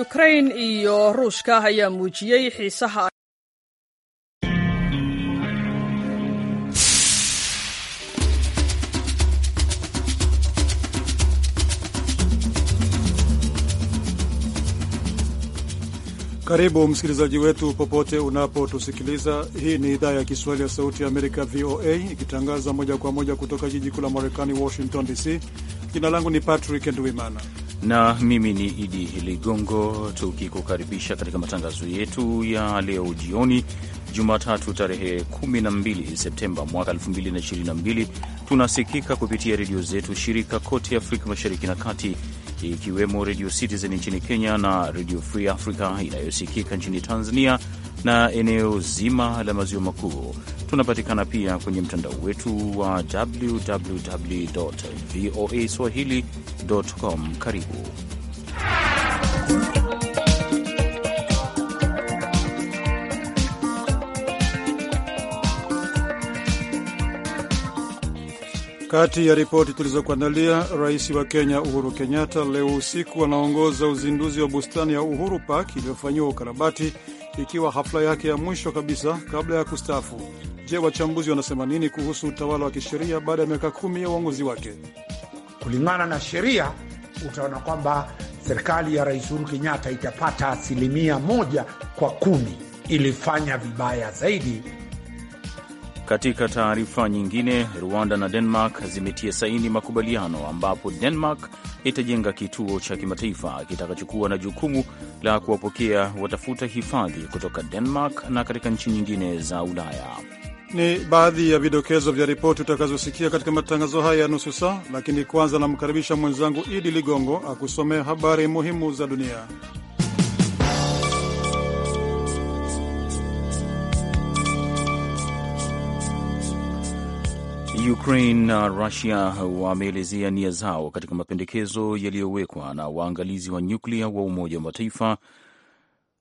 Ukraine iyo Ruushka ayaa muujiyey xiisaha Karibu msikilizaji wetu popote unapotusikiliza. Hii ni idhaa ya Kiswahili ya Sauti ya Amerika, VOA, ikitangaza moja kwa moja kutoka jiji kuu la Marekani, Washington DC. Jina langu ni Patrick Ndwimana na mimi ni Idi Ligongo, tukikukaribisha katika matangazo yetu ya leo jioni, Jumatatu tarehe 12 Septemba mwaka 2022. Tunasikika kupitia redio zetu shirika kote Afrika Mashariki na Kati, ikiwemo Redio Citizen nchini Kenya na Redio Free Africa inayosikika nchini Tanzania na eneo zima la maziwa makuu. Tunapatikana pia kwenye mtandao wetu wa www voa swahili.com. Karibu Kati ya ripoti tulizokuandalia, rais wa Kenya Uhuru Kenyatta leo usiku anaongoza uzinduzi wa bustani ya Uhuru Park iliyofanyiwa ukarabati, ikiwa hafla yake ya mwisho kabisa kabla ya kustaafu. Je, wachambuzi wanasema nini kuhusu utawala wa kisheria baada ya miaka kumi ya uongozi wake? Kulingana na sheria, utaona kwamba serikali ya Rais Uhuru Kenyatta itapata asilimia moja kwa kumi. Ilifanya vibaya zaidi. Katika taarifa nyingine, Rwanda na Denmark zimetia saini makubaliano ambapo Denmark itajenga kituo cha kimataifa kitakachokuwa na jukumu la kuwapokea watafuta hifadhi kutoka Denmark na katika nchi nyingine za Ulaya. Ni baadhi ya vidokezo vya ripoti utakazosikia katika matangazo haya ya nusu saa, lakini kwanza namkaribisha mwenzangu Idi Ligongo akusomea habari muhimu za dunia. Ukraine na Rusia wameelezea nia zao katika mapendekezo yaliyowekwa na waangalizi wa nyuklia wa Umoja wa Mataifa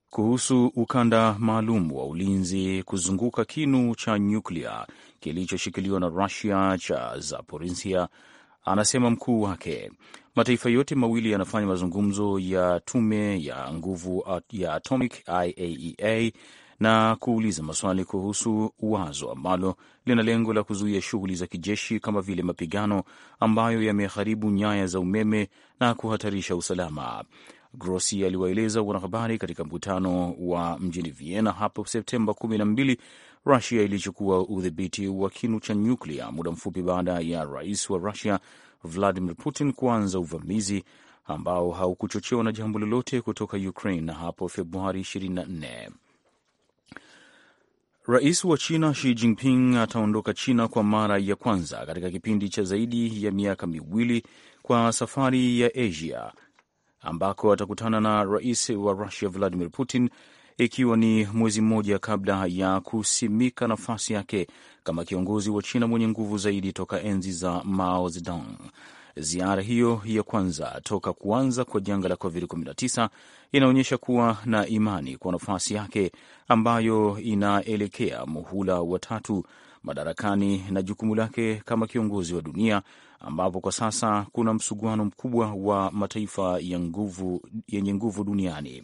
kuhusu ukanda maalum wa ulinzi kuzunguka kinu cha nyuklia kilichoshikiliwa na Rusia cha Zaporisia, anasema mkuu wake. Mataifa yote mawili yanafanya mazungumzo ya tume ya nguvu ya atomic IAEA e na kuuliza maswali kuhusu wazo ambalo lina lengo la kuzuia shughuli za kijeshi kama vile mapigano ambayo yameharibu nyaya za umeme na kuhatarisha usalama. Grossi aliwaeleza wanahabari katika mkutano wa mjini Vienna hapo Septemba 12 Rusia ilichukua udhibiti wa kinu cha nyuklia muda mfupi baada ya rais wa Rusia Vladimir Putin kuanza uvamizi ambao haukuchochewa na jambo lolote kutoka Ukraine hapo Februari 24. Rais wa China Xi Jinping ataondoka China kwa mara ya kwanza katika kipindi cha zaidi ya miaka miwili kwa safari ya Asia ambako atakutana na rais wa Rusia Vladimir Putin, ikiwa ni mwezi mmoja kabla ya kusimika nafasi yake kama kiongozi wa China mwenye nguvu zaidi toka enzi za Mao Zedong. Ziara hiyo ya kwanza toka kuanza kwa janga la COVID-19 inaonyesha kuwa na imani kwa nafasi yake ambayo inaelekea muhula wa tatu madarakani na jukumu lake kama kiongozi wa dunia ambapo kwa sasa kuna msuguano mkubwa wa mataifa ya nguvu yenye nguvu duniani.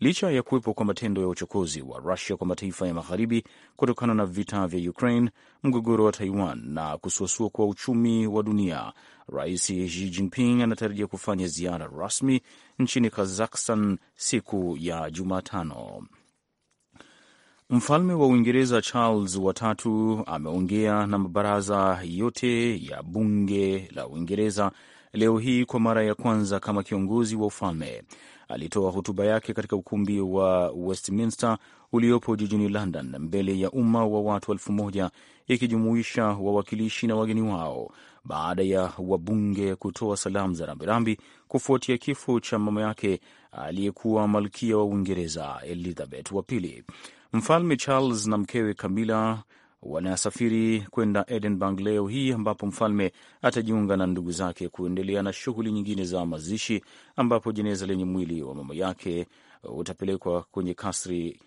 Licha ya kuwepo kwa matendo ya uchokozi wa Rusia kwa mataifa ya magharibi kutokana na vita vya Ukraine, mgogoro wa Taiwan na kusuasua kwa uchumi wa dunia, Rais Xi Jinping anatarajia kufanya ziara rasmi nchini Kazakhstan siku ya Jumatano. Mfalme wa Uingereza Charles watatu ameongea na mabaraza yote ya bunge la Uingereza leo hii kwa mara ya kwanza kama kiongozi wa ufalme. Alitoa hotuba yake katika ukumbi wa Westminster uliopo jijini London mbele ya umma wa watu elfu moja ikijumuisha wawakilishi na wageni wao, baada ya wabunge kutoa salamu za rambirambi kufuatia kifo cha mama yake aliyekuwa malkia wa Uingereza Elizabeth wa pili. Mfalme Charles na mkewe Camilla wanasafiri kwenda Edinburgh leo hii ambapo mfalme atajiunga na ndugu zake kuendelea na shughuli nyingine za mazishi, ambapo jeneza lenye mwili wa mama yake utapelekwa kwenye kasri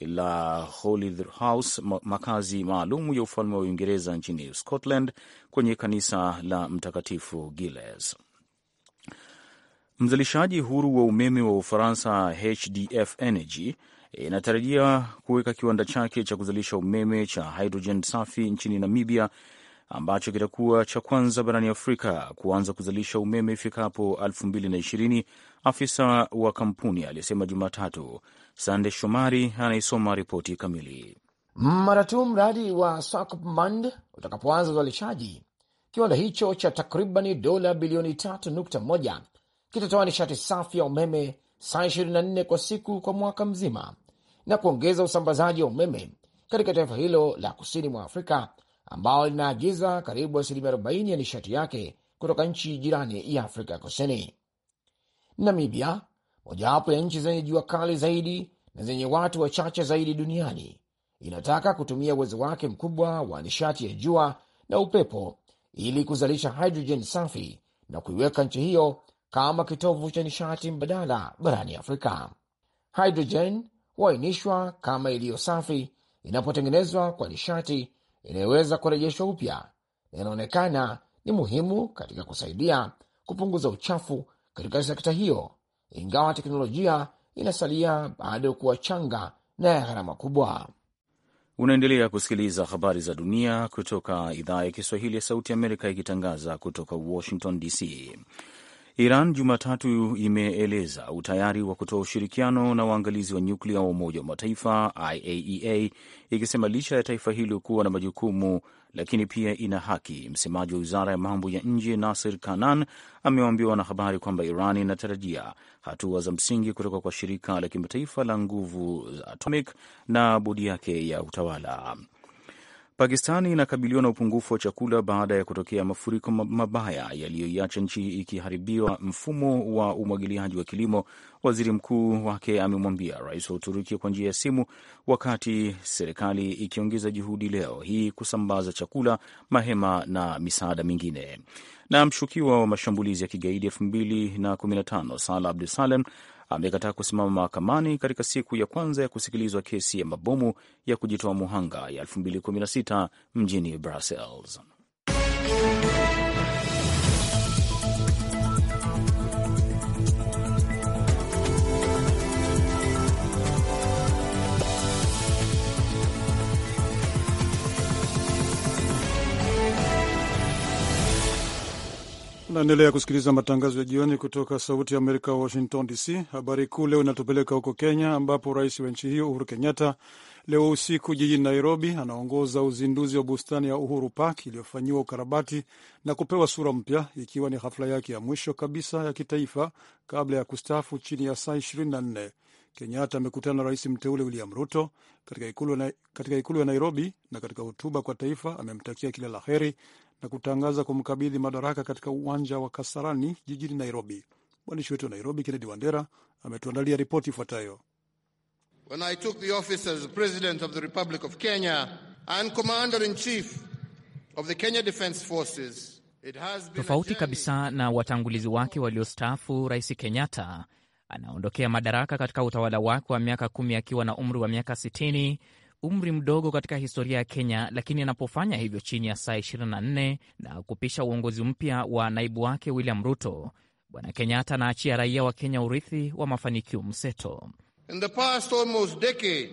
la Holyrood House, makazi maalum ya ufalme wa Uingereza nchini Scotland, kwenye kanisa la Mtakatifu Giles. Mzalishaji huru wa umeme wa Ufaransa HDF Energy inatarajia kuweka kiwanda chake cha kuzalisha umeme cha hidrojeni safi nchini Namibia ambacho kitakuwa cha kwanza barani Afrika kuanza kuzalisha umeme ifikapo 2020, afisa wa kampuni aliyesema Jumatatu. Sande Shomari anaisoma ripoti kamili. Mara tu mradi wa Swakopmund utakapoanza uzalishaji, kiwanda hicho cha takribani dola bilioni 3.1 kitatoa nishati safi ya umeme saa 24 kwa siku kwa mwaka mzima, na kuongeza usambazaji wa umeme katika taifa hilo la kusini mwa Afrika ambalo linaagiza karibu asilimia 40 ya nishati yake kutoka nchi jirani ya Afrika Kusini. Namibia, mojawapo ya nchi zenye jua kali zaidi na zenye watu wachache zaidi duniani, inataka kutumia uwezo wake mkubwa wa nishati ya jua na upepo ili kuzalisha hidrojen safi na kuiweka nchi hiyo kama kitovu cha nishati mbadala barani Afrika. Hidrojen huainishwa kama iliyo safi inapotengenezwa kwa nishati inayoweza kurejeshwa upya na inaonekana ni muhimu katika kusaidia kupunguza uchafu katika sekta hiyo, ingawa teknolojia inasalia bado kuwa changa na ya gharama kubwa. Unaendelea kusikiliza habari za dunia kutoka idhaa ya Kiswahili ya Sauti Amerika, ikitangaza kutoka Washington DC. Iran Jumatatu imeeleza utayari wa kutoa ushirikiano na waangalizi wa nyuklia wa Umoja wa Mataifa, IAEA, e ikisema licha ya taifa hilo kuwa na majukumu lakini pia ina haki. Msemaji wa wizara ya mambo ya nje Nasir Kanan amewaambia wanahabari kwamba Iran inatarajia hatua za msingi kutoka kwa shirika la kimataifa la nguvu za atomic na bodi yake ya utawala. Pakistani inakabiliwa na upungufu wa chakula baada ya kutokea mafuriko mabaya yaliyoiacha nchi ikiharibiwa mfumo wa umwagiliaji wa kilimo. Waziri mkuu wake amemwambia rais wa Uturuki kwa njia ya simu, wakati serikali ikiongeza juhudi leo hii kusambaza chakula, mahema na misaada mingine. Na mshukiwa wa mashambulizi ya kigaidi elfu mbili na kumi na tano Salah Abdu amekataa kusimama mahakamani katika siku ya kwanza ya kusikilizwa kesi ya mabomu ya kujitoa muhanga ya 2016 mjini Brussels. Naendelea kusikiliza matangazo ya jioni kutoka Sauti ya Amerika, Washington DC. Habari kuu leo inatupeleka huko Kenya, ambapo rais wa nchi hiyo Uhuru Kenyatta leo usiku jijini Nairobi anaongoza uzinduzi wa bustani ya Uhuru Park iliyofanyiwa ukarabati na kupewa sura mpya, ikiwa ni hafla yake ya mwisho kabisa ya kitaifa kabla ya kustaafu chini ya saa 24. Kenyatta amekutana na rais mteule William Ruto katika ikulu ya Nairobi, na katika hotuba kwa taifa amemtakia kila la heri na kutangaza kumkabidhi madaraka katika uwanja wa Kasarani jijini Nairobi. Mwandishi wetu wa Nairobi, Kennedy Wandera, ametuandalia ripoti ifuatayo. When I took the office as President of the Republic of Kenya and Commander in Chief of the Kenya Defence Forces, it has been tofauti kabisa na watangulizi wake waliostaafu. Rais Kenyatta anaondokea madaraka katika utawala wake wa miaka kumi akiwa na umri wa miaka sitini umri mdogo katika historia ya Kenya, lakini anapofanya hivyo chini ya saa 24 na kupisha uongozi mpya wa naibu wake William Ruto, Bwana Kenyatta anaachia raia wa Kenya urithi wa mafanikio mseto. In the past almost decade,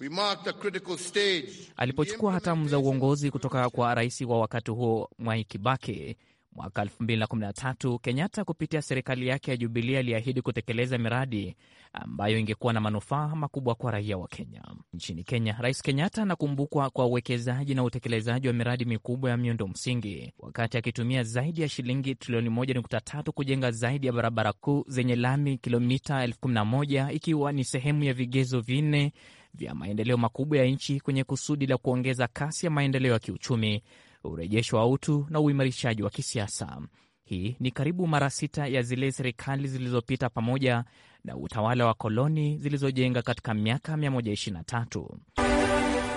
we marked a critical stage. Alipochukua hatamu za uongozi kutoka kwa rais wa wakati huo Mwai Kibaki Mwaka 2013 Kenyatta kupitia serikali yake ya Jubilia aliahidi kutekeleza miradi ambayo ingekuwa na manufaa makubwa kwa raia wa Kenya. Nchini Kenya, Rais Kenyatta anakumbukwa kwa uwekezaji na utekelezaji wa miradi mikubwa ya miundo msingi, wakati akitumia zaidi ya shilingi trilioni 1.3 kujenga zaidi ya barabara kuu zenye lami kilomita 11,000 ikiwa ni sehemu ya vigezo vinne vya maendeleo makubwa ya nchi kwenye kusudi la kuongeza kasi ya maendeleo ya kiuchumi urejesho wa utu na uimarishaji wa kisiasa. Hii ni karibu mara sita ya zile serikali zilizopita pamoja na utawala wa koloni zilizojenga katika miaka 123.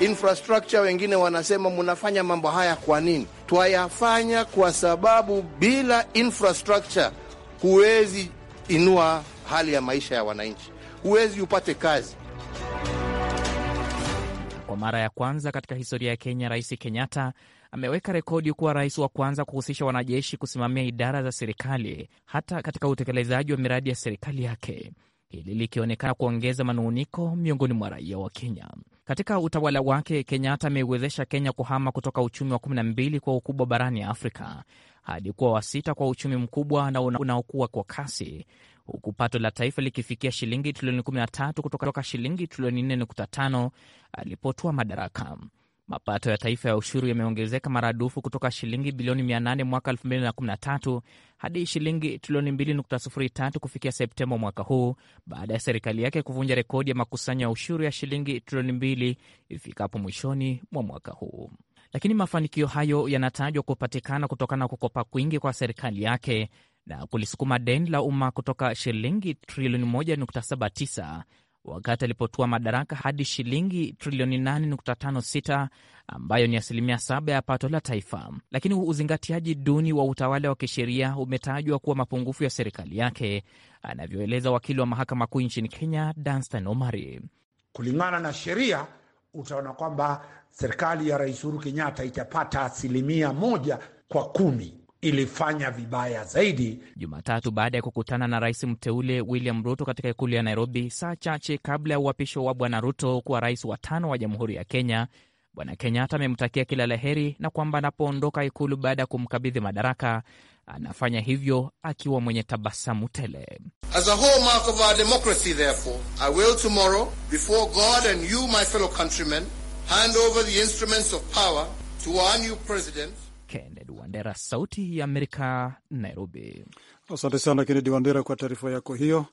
Infrastructure, wengine wanasema munafanya mambo haya kwa nini? Twayafanya kwa sababu bila infrastructure huwezi inua hali ya maisha ya wananchi, huwezi upate kazi. Kwa mara ya kwanza katika historia ya Kenya, Rais Kenyatta ameweka rekodi kuwa rais wa kwanza kuhusisha wanajeshi kusimamia idara za serikali hata katika utekelezaji wa miradi ya serikali yake, hili likionekana kuongeza manung'uniko miongoni mwa raia wa Kenya. Katika utawala wake, Kenyatta ameiwezesha Kenya kuhama kutoka uchumi wa 12 kwa ukubwa barani Afrika hadi kuwa wa sita kwa uchumi mkubwa na unaokuwa kwa kasi huku pato la taifa likifikia shilingi trilioni 13 kutoka shilingi trilioni 4.5 alipotua madaraka. Mapato ya taifa ya ushuru yameongezeka maradufu kutoka shilingi bilioni 800 mwaka 2013 hadi shilingi trilioni 2.03 kufikia Septemba mwaka huu baada ya serikali yake kuvunja rekodi ya makusanyo ya ushuru ya shilingi trilioni 2 ifikapo mwishoni mwa mwaka huu. Lakini mafanikio hayo yanatajwa kupatikana kutokana na kukopa kwingi kwa serikali yake na kulisukuma deni la umma kutoka shilingi trilioni 1.79 wakati alipotua madaraka hadi shilingi trilioni 8.56 ambayo ni asilimia saba ya pato la taifa. Lakini uzingatiaji duni wa utawala wa kisheria umetajwa kuwa mapungufu ya serikali yake, anavyoeleza wakili wa mahakama kuu nchini Kenya, Danstan Omari. Kulingana na sheria, utaona kwamba serikali ya Rais Uhuru Kenyatta itapata asilimia moja kwa kumi ilifanya vibaya zaidi. Jumatatu, baada ya kukutana na rais mteule William Ruto katika ikulu ya Nairobi, saa chache kabla ya uhapisho wa bwana Ruto kuwa rais wa tano wa jamhuri ya Kenya, bwana Kenyatta amemtakia kila la heri na kwamba anapoondoka ikulu baada ya kumkabidhi madaraka anafanya hivyo akiwa mwenye tabasamu tele. As a hallmark of our democracy therefore, I will tomorrow before God and you my fellow countrymen hand over the instruments of power to our new president Kennedy Wandera, Sauti ya Amerika, Nairobi. Asante sana Kennedy Wandera kwa taarifa yako hiyo.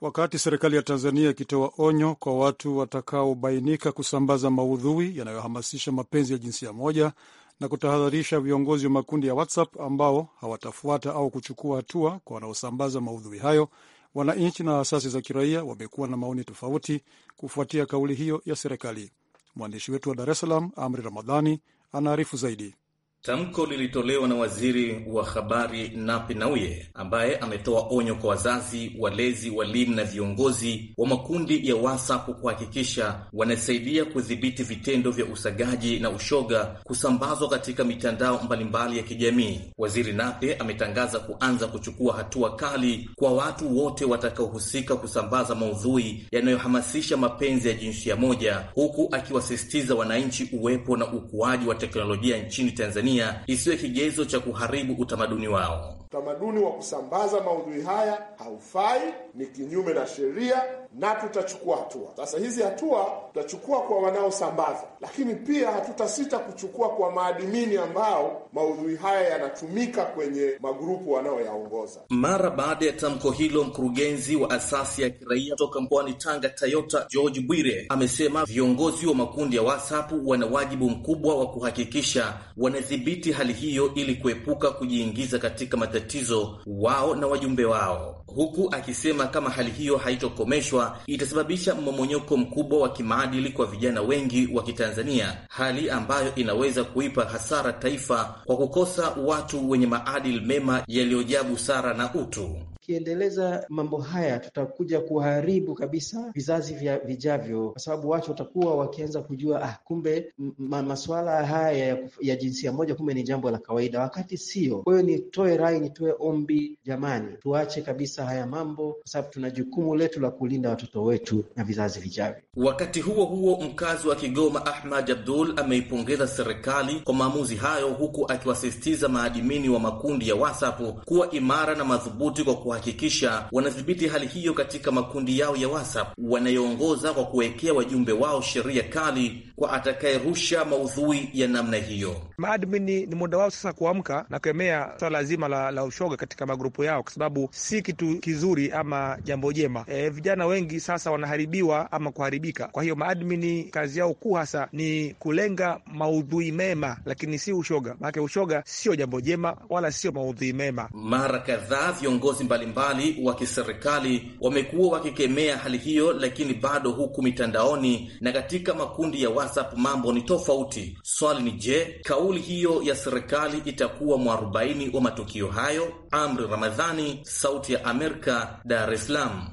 Wakati serikali ya Tanzania ikitoa onyo kwa watu watakaobainika kusambaza maudhui yanayohamasisha mapenzi ya jinsia moja na kutahadharisha viongozi wa makundi ya WhatsApp ambao hawatafuata au kuchukua hatua kwa wanaosambaza maudhui hayo, wananchi na asasi za kiraia wamekuwa na maoni tofauti kufuatia kauli hiyo ya serikali. Mwandishi wetu wa Dar es Salaam, Amri Ramadhani, anaarifu zaidi. Tamko lilitolewa na waziri wa habari Nape Nnauye ambaye ametoa onyo kwa wazazi, walezi, walimu na viongozi wa makundi ya WhatsApp kuhakikisha wanasaidia kudhibiti vitendo vya usagaji na ushoga kusambazwa katika mitandao mbalimbali ya kijamii. Waziri Nape ametangaza kuanza kuchukua hatua kali kwa watu wote watakaohusika kusambaza maudhui yanayohamasisha mapenzi ya jinsia moja, huku akiwasisitiza wananchi uwepo na ukuaji wa teknolojia nchini Tanzania Tanzania isiwe kigezo cha kuharibu utamaduni wao. Utamaduni wa kusambaza maudhui haya haufai, ni kinyume na sheria na tutachukua hatua. Sasa hizi hatua tutachukua kwa wanaosambaza, lakini pia hatutasita kuchukua kwa maadimini ambao maudhui haya yanatumika kwenye magrupu wanaoyaongoza. Mara baada ya tamko hilo, mkurugenzi wa asasi ya kiraia toka mkoani Tanga Tayota George Bwire amesema viongozi wa makundi ya WhatsApp wana wajibu mkubwa wa kuhakikisha wanadhibiti hali hiyo ili kuepuka kujiingiza katika matatizo wao na wajumbe wao, huku akisema kama hali hiyo haitokomeshwa kutekelezwa itasababisha mmomonyoko mkubwa wa kimaadili kwa vijana wengi wa Kitanzania, hali ambayo inaweza kuipa hasara taifa kwa kukosa watu wenye maadili mema yaliyojaa busara na utu. Tukiendeleza mambo haya, tutakuja kuharibu kabisa vizazi vya vijavyo, kwa sababu watu watakuwa wakianza kujua ah, kumbe ma masuala haya ya, ya jinsia moja kumbe ni jambo la kawaida, wakati sio. Kwa hiyo nitoe rai, nitoe ombi, jamani, tuache kabisa haya mambo, kwa sababu tuna jukumu letu la kulinda watoto wetu na vizazi vijavyo. Wakati huo huo, mkazi wa Kigoma Ahmad Abdul ameipongeza serikali kwa maamuzi hayo, huku akiwasisitiza maadimini wa makundi ya WhatsApp kuwa imara na madhubuti kwa kuhakikisha wanadhibiti hali hiyo katika makundi yao ya WhatsApp wanayoongoza kwa kuwekea wajumbe wao sheria kali kwa atakayerusha maudhui ya namna hiyo. Maadmin ni muda wao sasa kuamka na kukemea swala zima la, la ushoga katika magrupu yao, kwa sababu si kitu kizuri ama jambo jema. E, vijana wengi sasa wanaharibiwa ama kuharibika. Kwa hiyo maadmin kazi yao kuu hasa ni kulenga maudhui mema, lakini si ushoga, manake ushoga sio jambo jema wala sio maudhui mema. Mara kadhaa viongozi mbalimbali wa kiserikali wamekuwa wakikemea hali hiyo, lakini bado huku mitandaoni na katika makundi ya wasi WhatsApp mambo ni tofauti. Swali ni je, kauli hiyo ya serikali itakuwa mwarobaini wa matukio hayo? Amri Ramadhani, Sauti ya Amerika, Dar es Salaam.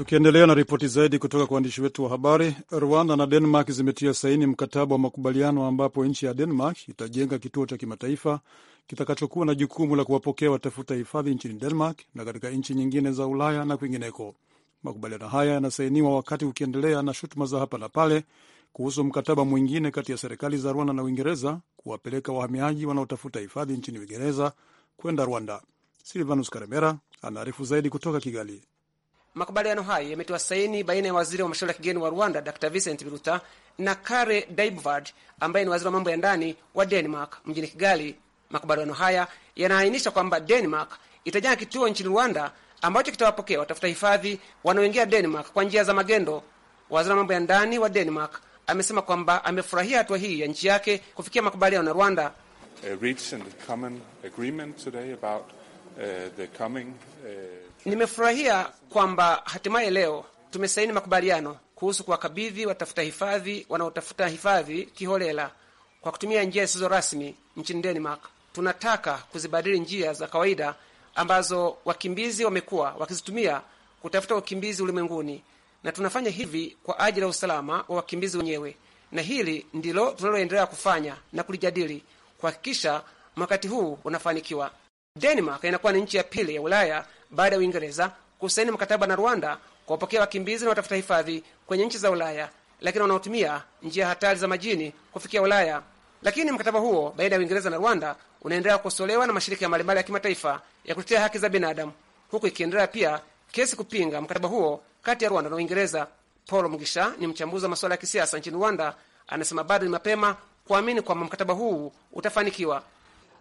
Tukiendelea na ripoti zaidi kutoka kwa waandishi wetu wa habari, Rwanda na Denmark zimetia saini mkataba wa makubaliano ambapo nchi ya Denmark itajenga kituo cha kimataifa kitakachokuwa na jukumu la kuwapokea watafuta hifadhi nchini Denmark na katika nchi nyingine za Ulaya na kwingineko. Makubaliano haya yanasainiwa wakati ukiendelea na shutuma za hapa na pale kuhusu mkataba mwingine kati ya serikali za Rwanda na Uingereza kuwapeleka wahamiaji wanaotafuta hifadhi nchini Uingereza kwenda Rwanda. Silvanus Karemera anaarifu zaidi kutoka Kigali. Makubaliano hayo yametiwa saini baina ya waziri wa mashauri ya kigeni wa Rwanda Dr Vincent Biruta na Kare Daibvard ambaye ni waziri wa mambo ya ndani wa Denmark mjini Kigali. Makubaliano haya yanaainisha kwamba Denmark itajenga kituo nchini Rwanda ambacho kitawapokea watafuta hifadhi wanaoingia Denmark kwa njia za magendo. Waziri wa mambo ya ndani wa Denmark amesema kwamba amefurahia hatua hii ya nchi yake kufikia makubaliano na Rwanda. Uh, A Nimefurahia kwamba hatimaye leo tumesaini makubaliano kuhusu kuwakabidhi watafuta hifadhi wanaotafuta hifadhi kiholela kwa kutumia njia zisizo rasmi nchini Denmark. Tunataka kuzibadili njia za kawaida ambazo wakimbizi wamekuwa wakizitumia kutafuta wakimbizi ulimwenguni, na tunafanya hivi kwa ajili ya usalama wa wakimbizi wenyewe, na hili ndilo tunaloendelea kufanya na kulijadili kuhakikisha mkakati huu unafanikiwa. Denmark inakuwa ni nchi ya pili ya Ulaya baada ya Uingereza kusaini mkataba na Rwanda kwa kupokea wakimbizi na watafuta hifadhi kwenye nchi za Ulaya, lakini wanaotumia njia hatari za majini kufikia Ulaya. Lakini mkataba huo baina ya Uingereza na Rwanda unaendelea kukosolewa na mashirika mbalimbali ya kimataifa ya kutetea haki za binadamu, huku ikiendelea pia kesi kupinga mkataba huo kati ya Rwanda na Uingereza. Paul Mugisha ni mchambuzi wa masuala ya kisiasa nchini Rwanda, anasema bado ni mapema kuamini kwamba mkataba huu utafanikiwa,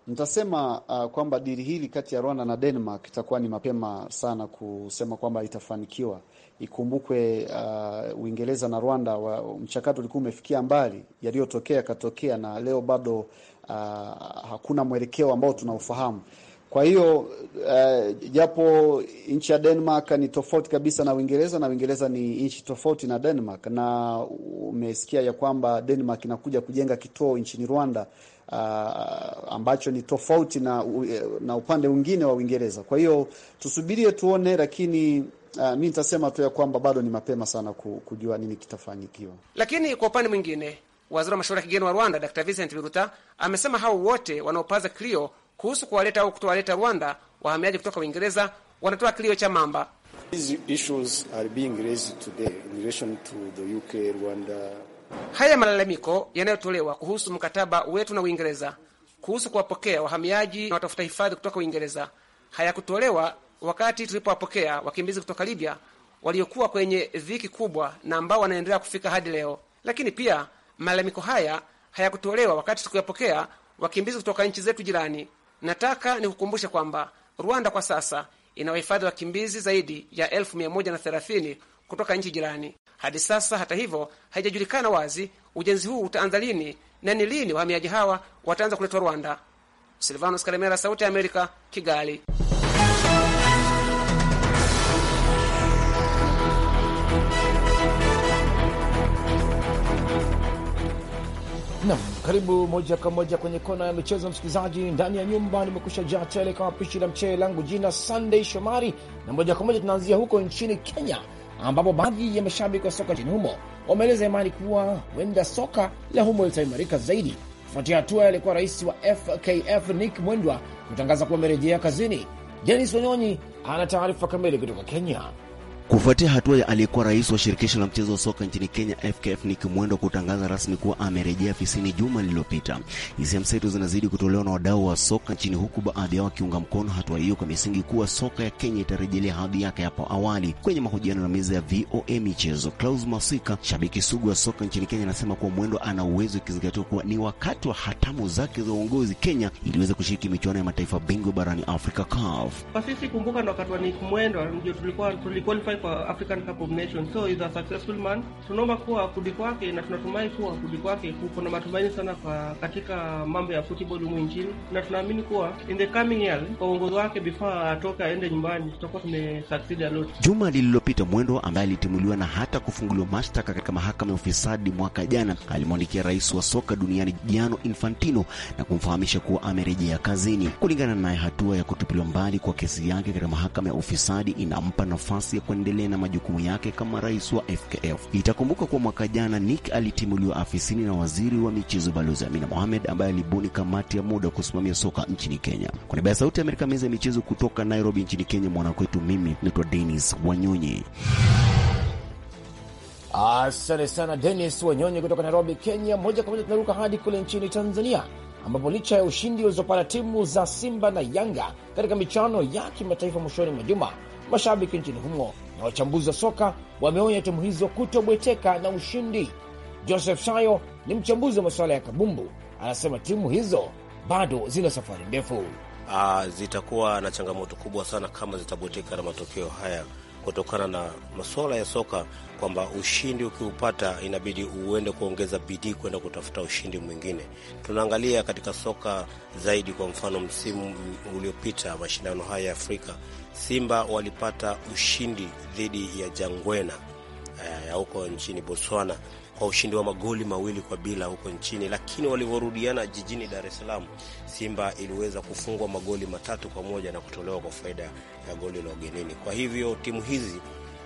nitasema uh, kwamba dili hili kati ya Rwanda na Denmark itakuwa ni mapema sana kusema kwamba itafanikiwa. Ikumbukwe uh, Uingereza na Rwanda wa, mchakato ulikuwa umefikia mbali, yaliyotokea yakatokea, na leo bado uh, hakuna mwelekeo ambao tunaufahamu. Kwa hiyo uh, japo nchi ya Denmark ni tofauti kabisa na Uingereza, na Uingereza ni nchi tofauti na Denmark, na umesikia ya kwamba Denmark inakuja kujenga kituo nchini Rwanda uh, ambacho ni tofauti na, eh, na upande mwingine wa Uingereza. Kwa hiyo tusubirie tuone, lakini Uh, mi nitasema tu ya kwamba bado ni mapema sana kujua nini kitafanyikiwa. Lakini kwa upande mwingine, waziri wa mashauri ya kigeni wa Rwanda Dr. Vincent Biruta amesema hao wote wanaopaza kilio kuhusu kuwaleta au kutowaleta Rwanda wahamiaji kutoka Uingereza wanatoa kilio cha mamba. These issues are being raised today in relation to the UK, Rwanda. Haya malalamiko yanayotolewa kuhusu mkataba wetu na Uingereza kuhusu kuwapokea wahamiaji na watafuta hifadhi kutoka Uingereza hayakutolewa wakati tulipowapokea wakimbizi kutoka Libya waliokuwa kwenye dhiki kubwa na ambao wanaendelea kufika hadi leo. Lakini pia malalamiko haya hayakutolewa wakati tukiwapokea wakimbizi kutoka nchi zetu jirani. Nataka nikukumbushe kwamba Rwanda kwa sasa inawahifadhi wakimbizi zaidi ya elfu mia moja na thelathini kutoka nchi jirani. Hadi sasa, hata hivyo, haijajulikana wazi ujenzi huu utaanza lini na ni lini wahamiaji hawa wataanza kuletwa Rwanda. Silvanos Karemera, Sauti ya Amerika, Kigali. Nam, karibu moja kwa moja kwenye kona ya michezo, msikilizaji. Ndani ya nyumba nimekusha jaa tele kama pishi la mchele langu, jina Sunday Shomari, na moja kwa moja tunaanzia huko nchini Kenya ambapo baadhi ya mashabiki wa soka nchini humo wameeleza imani kuwa huenda soka la humo litaimarika zaidi kufuatia hatua aliyekuwa rais wa FKF Nick Mwendwa kutangaza kuwa amerejea kazini. Denis Wanyonyi ana taarifa kamili kutoka Kenya. Kufuatia hatua ya aliyekuwa rais wa shirikisho la mchezo wa soka nchini Kenya FKF Nick Mwendo kutangaza rasmi kuwa amerejea ofisini juma lililopita, hisia mseto zinazidi kutolewa na wadau wa soka nchini, huku baadhi yao wakiunga mkono hatua hiyo kwa misingi kuwa soka ya Kenya itarejelea hadhi yake hapo awali. Kwenye mahojiano na meza ya VOA Michezo, Klaus Masika, shabiki sugu wa soka nchini Kenya, anasema kuwa Mwendo ana uwezo, ikizingatiwa kuwa ni wakati wa hatamu zake za uongozi Kenya iliweza kushiriki michuano ya mataifa bingwa barani Afrika, CAF. Kwa sisi kumbuka, wakati wa Nick Mwendo tulikuwa tulikuwa kwa African Cup of Nations, so he's a successful man. Tunaomba kuwa kurudi kwake na tunatumai kuwa kurudi kwake kuko na matumaini sana kwa katika mambo ya football humu nchini, na tunaamini kuwa in the coming year kwa uongozi wake before atoke aende nyumbani tutakuwa tume succeed a lot. Juma lililopita Mwendo ambaye alitimuliwa na hata kufunguliwa mashtaka katika mahakama ya ufisadi mwaka jana alimwandikia rais wa soka duniani Gianni Infantino na kumfahamisha kuwa amerejea kazini. Kulingana naye, hatua ya kutupiliwa mbali kwa kesi yake katika mahakama ya ufisadi inampa nafasi ya kuendelea aendelee na majukumu yake kama rais wa FKF. Itakumbuka kuwa mwaka jana Nick alitimuliwa afisini na waziri wa michezo Balozi Amina Mohamed ambaye alibuni kamati ya muda kusimamia soka nchini Kenya. Kwa niaba ya Sauti ya Amerika, meza ya michezo kutoka Nairobi nchini Kenya, mwanakwetu, mimi naitwa Denis Wanyonyi. Asante sana Denis Wanyonyi kutoka Nairobi, Kenya. Moja kwa moja tunaruka hadi kule nchini Tanzania, ambapo licha ya ushindi ulizopata timu za Simba na Yanga katika michuano ya kimataifa mwishoni mwa juma, mashabiki nchini humo na wachambuzi wa soka wameonya timu hizo kutobweteka na ushindi. Joseph Sayo ni mchambuzi wa masuala ya kabumbu, anasema timu hizo bado zina safari ndefu. Uh, zitakuwa na changamoto kubwa sana kama zitabweteka na matokeo haya kutokana na masuala ya soka kwamba ushindi ukiupata inabidi uende kuongeza bidii kwenda kutafuta ushindi mwingine. Tunaangalia katika soka zaidi, kwa mfano msimu uliopita mashindano haya ya Afrika, Simba walipata ushindi dhidi ya Jangwena eh, ya huko nchini Botswana kwa ushindi wa magoli mawili kwa bila huko nchini, lakini walivyorudiana jijini Dar es Salaam, Simba iliweza kufungwa magoli matatu kwa moja na kutolewa kwa faida ya goli la ugenini. Kwa hivyo timu hizi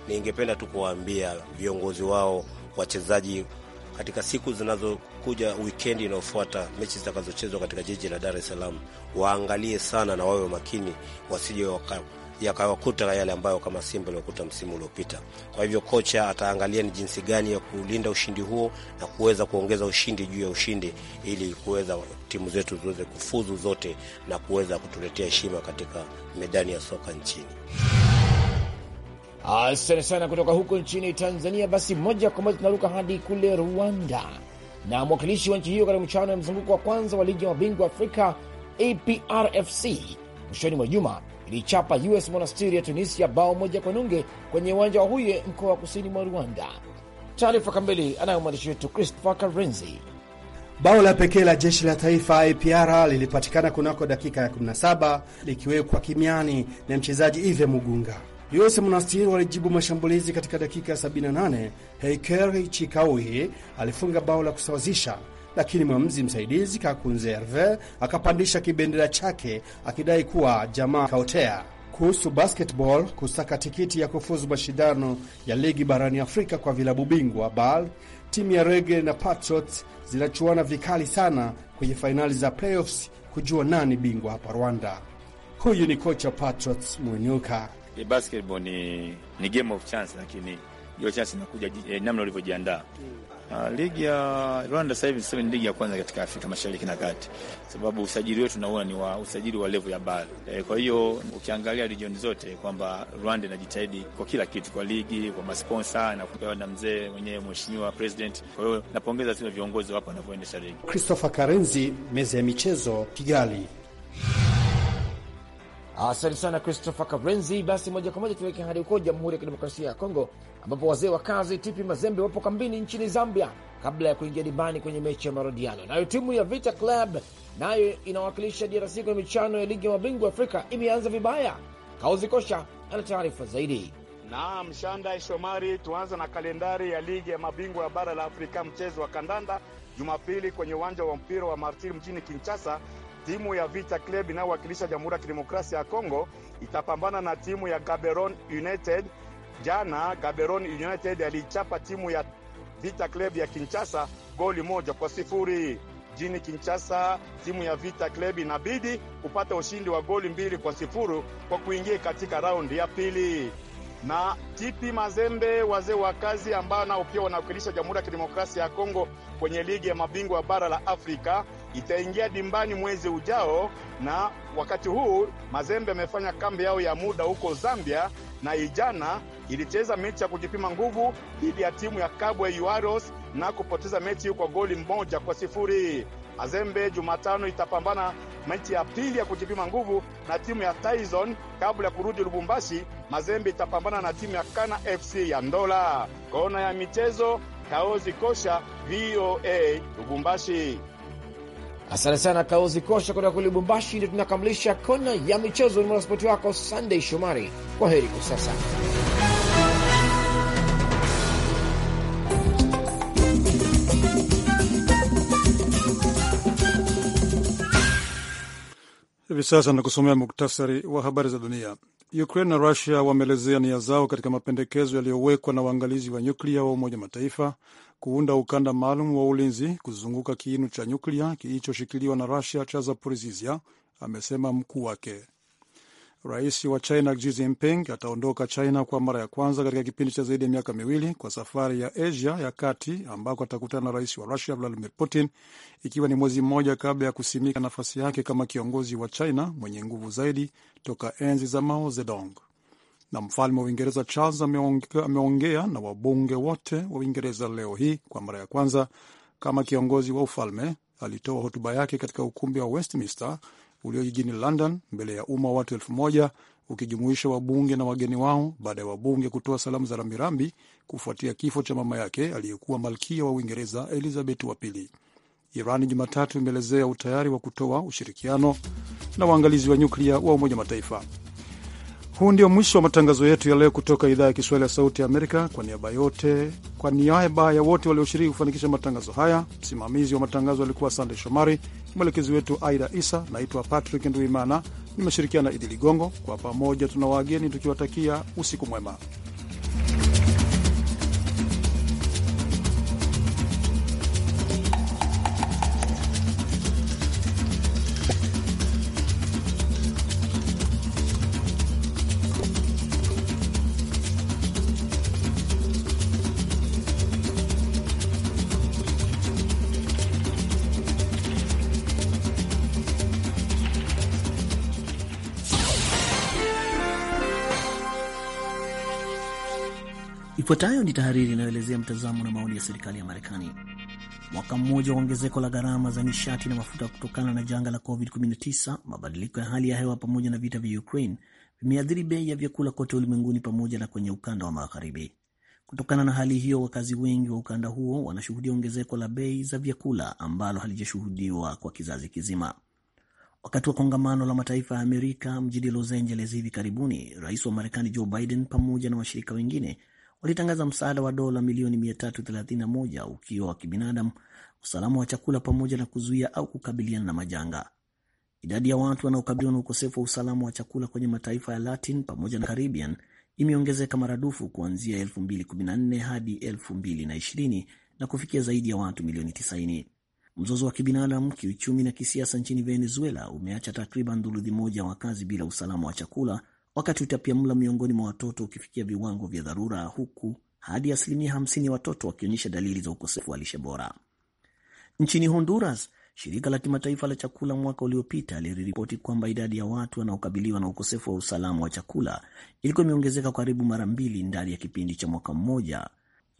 ningependa tu kuwaambia viongozi wao, wachezaji katika siku zinazokuja, wikendi inayofuata, mechi zitakazochezwa katika jiji la Dar es Salaam, waangalie sana na wawe makini, wasije wakaa yakawakuta yale ambayo kama Simba liokuta msimu uliopita. Kwa hivyo kocha ataangalia ni jinsi gani ya kulinda ushindi huo na kuweza kuongeza ushindi juu ya ushindi ili kuweza timu zetu ziweze kufuzu zote na kuweza kutuletea heshima katika medani ya soka nchini. Asante sana kutoka huko nchini Tanzania. Basi moja kwa moja tunaruka hadi kule Rwanda na mwakilishi wa nchi hiyo katika mchuano ya mzunguko wa kwanza wa ligi ya mabingwa Afrika APRFC mwishoni mwa juma ilichapa US Monastiri ya Tunisia bao moja kwa nunge kwenye uwanja wa Huye, mkoa wa kusini mwa Rwanda. Taarifa kamili anayo mwandishi wetu Christopher Karenzi. Bao la pekee la jeshi la taifa APR lilipatikana kunako dakika ya 17 likiwekwa kimiani na mchezaji Ive Mugunga. US Monastiri walijibu mashambulizi katika dakika ya 78. Heiker Chikaui alifunga bao la kusawazisha lakini mwamuzi msaidizi Kakunze Herve akapandisha kibendera chake akidai kuwa jamaa kaotea. Kuhusu basketball, kusaka tikiti ya kufuzu mashindano ya ligi barani Afrika kwa vilabu bingwa BAL, timu ya Rege na Patriots zinachuana vikali sana kwenye fainali za playoffs kujua nani bingwa hapa Rwanda. Huyu ni kocha Patriots Mwenyuka. E, basketball ni, ni game of chance, lakini hiyo chance inakuja e, namna ulivyojiandaa. Hmm. Uh, ligi ya Rwanda sasa hivi sasa ni ligi ya kwanza katika Afrika Mashariki na Kati, sababu usajili wetu naona ni wa usajili wa level ya bara e. Eh, kwa hiyo ukiangalia region zote kwamba Rwanda inajitahidi kwa kila kitu, kwa ligi, kwa masponsa na kupewa na mzee mwenyewe mheshimiwa president. Kwa hiyo napongeza sana viongozi wapo wanavyoendesha ligi. Christopher Karenzi, meza ya michezo, Kigali. Asante sana Christopher kabrenzi Basi moja kwa moja tuelekea hadi huko Jamhuri ya Kidemokrasia ya Kongo, ambapo wazee wa kazi Tipi Mazembe wapo kambini nchini Zambia kabla ya kuingia dimbani kwenye mechi ya marudiano. Nayo timu ya Vita Club nayo inawakilisha DRC kwenye michano ya ligi ya mabingwa Afrika imeanza vibaya. Kauzi Kosha ana taarifa zaidi. Naam, Shanda Shomari, tuanza na kalendari ya ligi ya mabingwa ya bara la Afrika mchezo wa kandanda Jumapili kwenye uwanja wa mpira wa Martir mjini Kinshasa Timu ya Vita Club inayowakilisha Jamhuri ya Kidemokrasia ya Kongo itapambana na timu ya Gaborone United. Jana Gaborone United alichapa timu ya Vita Club ya Kinshasa goli moja kwa sifuri. Jini Kinshasa, timu ya Vita Club inabidi kupata ushindi wa goli mbili kwa sifuri kwa kuingia katika raundi ya pili na tipi Mazembe, wazee wa kazi ambao nao pia wanawakilisha Jamhuri ya Kidemokrasia ya Kongo kwenye ligi ya mabingwa bara la Afrika itaingia dimbani mwezi ujao, na wakati huu Mazembe amefanya kambi yao ya muda huko Zambia, na ijana ilicheza mechi ya kujipima nguvu dhidi ya timu ya Kabwe Yuaros na kupoteza mechi kwa goli moja kwa sifuri. Mazembe Jumatano itapambana mechi ya pili ya kujipima nguvu na timu ya Tyson kabla ya kurudi Lubumbashi. Mazembe itapambana na timu ya Kana FC ya Ndola. Kona ya michezo, Kaozi Kosha, VOA Lubumbashi. Asante sana Kaozi Kosha kutoka kule Lubumbashi. Ndio tunakamilisha kona ya michezo. Ni mwanaspoti wako Sunday Shomari. Kwa heri kwa sasa. Hivi sasa nakusomea muktasari wa habari za dunia. Ukraine na Rusia wameelezea nia zao katika mapendekezo yaliyowekwa na waangalizi wa nyuklia wa Umoja Mataifa kuunda ukanda maalum wa ulinzi kuzunguka kiinu cha nyuklia kilichoshikiliwa na Rusia cha Zaporizhia, amesema mkuu wake. Rais wa China Xi Jinping ataondoka China kwa mara ya kwanza katika kipindi cha zaidi ya miaka miwili kwa safari ya Asia ya kati ambako atakutana na rais wa Rusia Vladimir Putin, ikiwa ni mwezi mmoja kabla ya kusimika nafasi yake kama kiongozi wa China mwenye nguvu zaidi toka enzi za Mao Zedong. Na mfalme wa Uingereza Charles ameongea na wabunge wote wa Uingereza leo hii kwa mara ya kwanza kama kiongozi wa ufalme. Alitoa hotuba yake katika ukumbi wa Westminster ulio jijini London mbele ya umma watu elfu moja ukijumuisha wabunge na wageni wao baada ya wabunge kutoa salamu za rambirambi kufuatia kifo cha mama yake aliyekuwa malkia wa Uingereza Elizabeth wa pili. Iran Jumatatu imeelezea utayari wa kutoa ushirikiano na waangalizi wa nyuklia wa Umoja Mataifa. Huu ndio mwisho wa matangazo yetu ya leo kutoka idhaa ya Kiswahili ya Sauti ya Amerika. Kwa niaba yote, kwa niaba ya wote walioshiriki kufanikisha matangazo haya, msimamizi wa matangazo alikuwa Sandey Shomari, Mwelekezi wetu Aida Isa. Naitwa Patrick Nduimana, nimeshirikiana Idi Ligongo. Kwa pamoja tuna wageni tukiwatakia usiku mwema. Ifuatayo ni tahariri inayoelezea mtazamo na maoni ya serikali ya Marekani. Mwaka mmoja wa ongezeko la gharama za nishati na mafuta kutokana na janga la COVID-19, mabadiliko ya hali ya hewa pamoja na vita vya Ukraine vimeathiri bei ya vyakula kote ulimwenguni pamoja na kwenye ukanda wa magharibi. Kutokana na hali hiyo, wakazi wengi wa ukanda huo wanashuhudia ongezeko la bei za vyakula ambalo halijashuhudiwa kwa kizazi kizima. Wakati wa kongamano la mataifa ya Amerika mjini Los Angeles hivi karibuni, rais wa Marekani Joe Biden pamoja na washirika wengine walitangaza msaada wa dola milioni 331 ukiwa wa kibinadamu, usalama wa chakula, pamoja na kuzuia au kukabiliana na majanga. Idadi ya watu wanaokabiliwa na ukosefu wa usalama wa chakula kwenye mataifa ya Latin pamoja na Caribbean imeongezeka maradufu kuanzia 2014 hadi 2020 na kufikia zaidi ya watu milioni 90. Mzozo wa kibinadamu, kiuchumi na kisiasa nchini Venezuela umeacha takriban thuluthi moja wakazi bila usalama wa chakula wakati utapiamla miongoni mwa watoto ukifikia viwango vya dharura, huku hadi asilimia hamsini ya watoto wakionyesha dalili za ukosefu wa lishe bora. Nchini Honduras, shirika la kimataifa la chakula mwaka uliopita liliripoti kwamba idadi ya watu wanaokabiliwa na ukosefu wa usalama wa chakula ilikuwa imeongezeka karibu mara mbili ndani ya kipindi cha mwaka mmoja,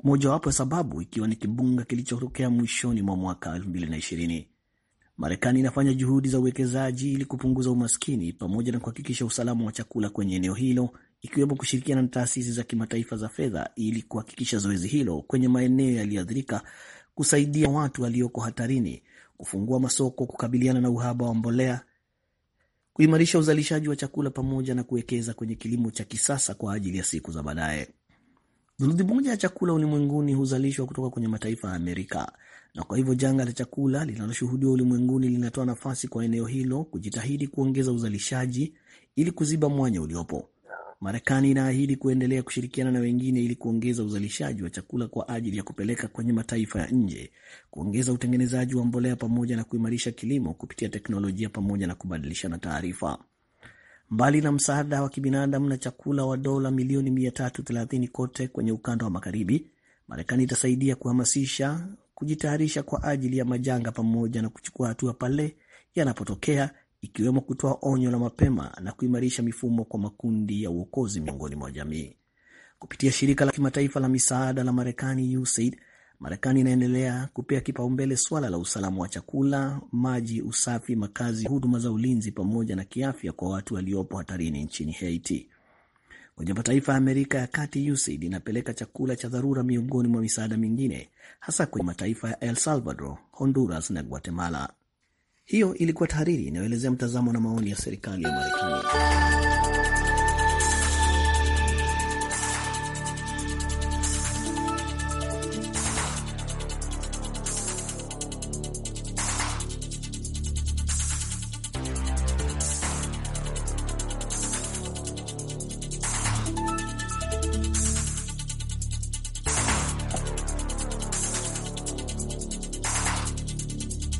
mojawapo ya sababu ikiwa ni kibunga kilichotokea mwishoni mwa mwaka 2020. Marekani inafanya juhudi za uwekezaji ili kupunguza umaskini pamoja na kuhakikisha usalama wa chakula kwenye eneo hilo, ikiwemo kushirikiana na taasisi za kimataifa za fedha ili kuhakikisha zoezi hilo kwenye maeneo yaliyoathirika, kusaidia watu walioko hatarini, kufungua masoko, kukabiliana na uhaba wa mbolea, kuimarisha uzalishaji wa chakula pamoja na kuwekeza kwenye kilimo cha kisasa kwa ajili ya siku za baadaye. Theluthi moja ya chakula ulimwenguni huzalishwa kutoka kwenye mataifa ya Amerika na kwa hivyo janga la chakula linaloshuhudiwa ulimwenguni linatoa nafasi kwa eneo hilo kujitahidi kuongeza uzalishaji ili kuziba mwanya uliopo. Marekani inaahidi kuendelea kushirikiana na wengine ili kuongeza uzalishaji wa chakula kwa ajili ya kupeleka kwenye mataifa ya nje, kuongeza utengenezaji wa mbolea pamoja na kuimarisha kilimo kupitia teknolojia pamoja na kubadilishana taarifa. Mbali na msaada wa kibinadamu na chakula wa dola milioni 330 kote kwenye ukanda wa Magharibi, Marekani itasaidia kuhamasisha kujitayarisha kwa ajili ya majanga pamoja na kuchukua hatua pale yanapotokea, ikiwemo kutoa onyo la mapema na kuimarisha mifumo kwa makundi ya uokozi miongoni mwa jamii. Kupitia shirika la kimataifa la misaada la Marekani, USAID, Marekani inaendelea kupea kipaumbele swala la usalama wa chakula, maji, usafi, makazi, huduma za ulinzi pamoja na kiafya kwa watu waliopo hatarini nchini Haiti. Umoja wa Mataifa ya Amerika ya Kati, USAID, inapeleka chakula cha dharura miongoni mwa misaada mingine, hasa kwenye mataifa ya El Salvador, Honduras na Guatemala. Hiyo ilikuwa tahariri inayoelezea mtazamo na maoni ya serikali ya Marekani.